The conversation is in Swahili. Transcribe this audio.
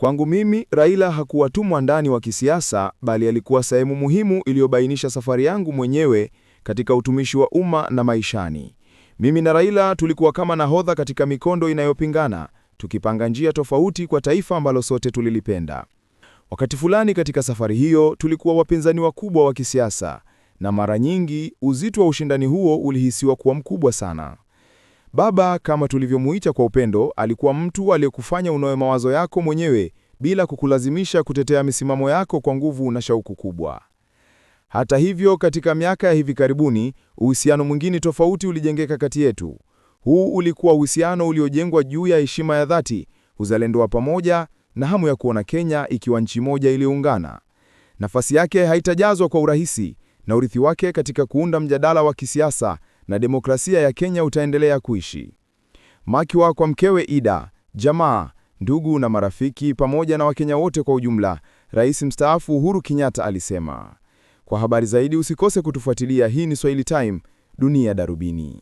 Kwangu mimi, Raila hakuwa tu mwandani wa kisiasa, bali alikuwa sehemu muhimu iliyobainisha safari yangu mwenyewe katika utumishi wa umma na maishani. Mimi na Raila tulikuwa kama nahodha katika mikondo inayopingana, tukipanga njia tofauti kwa taifa ambalo sote tulilipenda. Wakati fulani katika safari hiyo, tulikuwa wapinzani wakubwa wa kisiasa, na mara nyingi uzito wa ushindani huo ulihisiwa kuwa mkubwa sana. Baba, kama tulivyomuita kwa upendo, alikuwa mtu aliyekufanya unoe mawazo yako mwenyewe bila kukulazimisha kutetea misimamo yako kwa nguvu na shauku kubwa. Hata hivyo, katika miaka ya hivi karibuni, uhusiano mwingine tofauti ulijengeka kati yetu. Huu ulikuwa uhusiano uliojengwa juu ya heshima ya dhati, uzalendo wa pamoja na hamu ya kuona Kenya ikiwa nchi moja iliyoungana. Nafasi yake haitajazwa kwa urahisi, na urithi wake katika kuunda mjadala wa kisiasa na demokrasia ya Kenya utaendelea kuishi. Makiwa kwa mkewe Ida, jamaa, ndugu na marafiki pamoja na Wakenya wote kwa ujumla, Rais mstaafu Uhuru Kenyatta alisema. Kwa habari zaidi usikose kutufuatilia. Hii ni Swahili Time, Dunia Darubini.